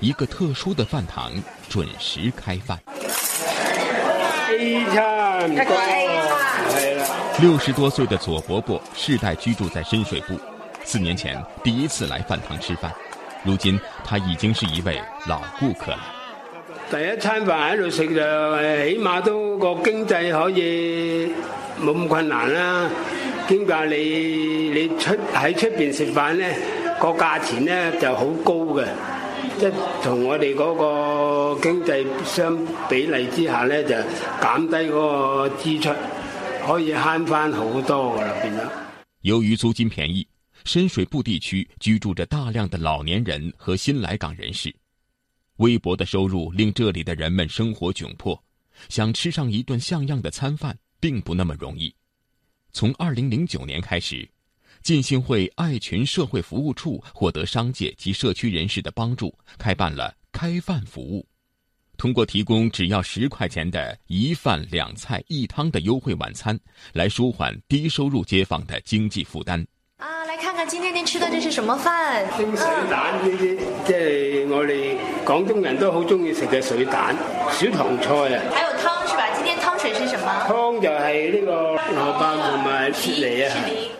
一個特殊的飯堂準時開飯。六十多歲的左伯伯世代居住在深水埗，四年前第一次來飯堂吃飯，如今他已經是一位老顧客了。第一餐飯喺度食就起碼都個經濟可以冇咁困難啦。點解你你出喺出邊食飯呢？個價錢呢就好高嘅。即同我哋嗰個經濟相比例之下呢，就減低嗰個支出，可以慳翻好多㗎啦，變咗。由於租金便宜，深水埗地區居住着大量的老年人和新來港人士，微薄的收入令這裏的人們生活窘迫，想吃上一頓像樣的餐飯並不那麼容易。從二零零九年開始。浸信會愛群社會服務處獲得商界及社區人士的幫助，開辦了開飯服務，通過提供只要十塊錢的一飯兩菜一湯的優惠晚餐，來舒緩低收入街坊的經濟負擔。啊，來看看今天您吃的這是什麼飯？蒸水蛋，呢啲即係我哋廣東人都好中意食嘅水蛋，小棠菜啊。還有湯是吧？今天湯水是什麼？湯就係呢個蘿蔔同埋雪梨啊。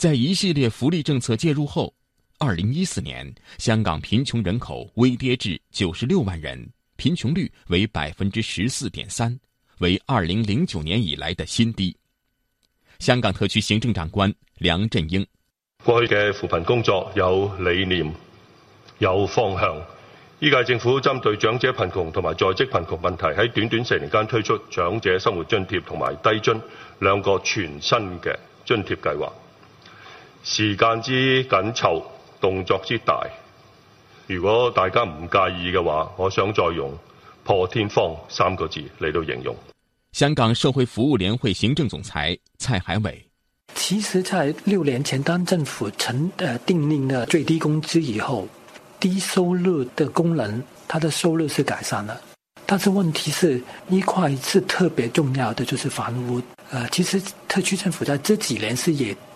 在一系列福利政策介入後，二零一四年香港貧窮人口微跌至九十六萬人，貧窮率為百分之十四點三，為二零零九年以來的新低。香港特區行政長官梁振英，過去嘅扶貧工作有理念，有方向。依屆政府針對長者貧窮同埋在職貧窮問題，喺短短四年間推出長者生活津貼同埋低津兩個全新嘅津貼計劃。時間之緊湊，動作之大。如果大家唔介意嘅話，我想再用破天荒三個字嚟到形容。香港社會服務聯會行政總裁蔡海偉：其實在六年前，當政府陳呃訂令了最低工資以後，低收入的功能，它的收入是改善了。但是問題是一塊是特別重要的，就是房屋。呃，其實特區政府在這幾年是也。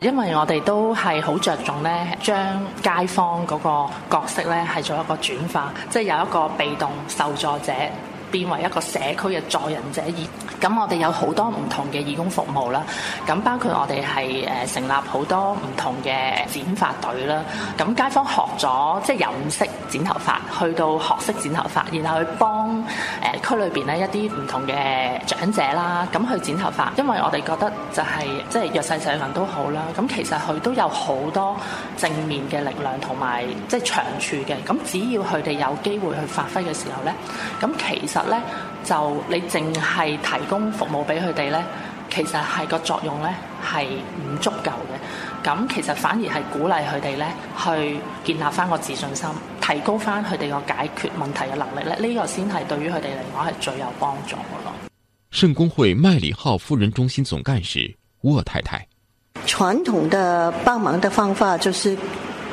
因為我哋都係好着重呢，將街坊嗰個角色呢係做一個轉化，即係、就是由一個被動受助者，變為一個社區嘅助人者。咁我哋有好多唔同嘅義工服務啦，咁包括我哋係、呃、成立好多唔同嘅剪髮隊啦，咁街坊學咗即係由唔識剪頭髮，去到學識剪頭髮，然後去幫呃、區裏面咧一啲唔同嘅長者啦，咁去剪頭髮，因為我哋覺得就係、是、即係弱勢社群都好啦，咁其實佢都有好多正面嘅力量同埋即係長處嘅，咁只要佢哋有機會去發揮嘅時候咧，咁其實咧。就你淨係提供服務俾佢哋咧，其實，係個作用咧係唔足夠嘅。咁、嗯、其實反而係鼓勵佢哋咧去建立翻個自信心，提高翻佢哋個解決問題嘅能力咧。呢、呢個先係對於佢哋嚟講，係最有幫助嘅咯。聖公會麥理浩夫人中心總幹事沃太太，傳統的幫忙的方法就是。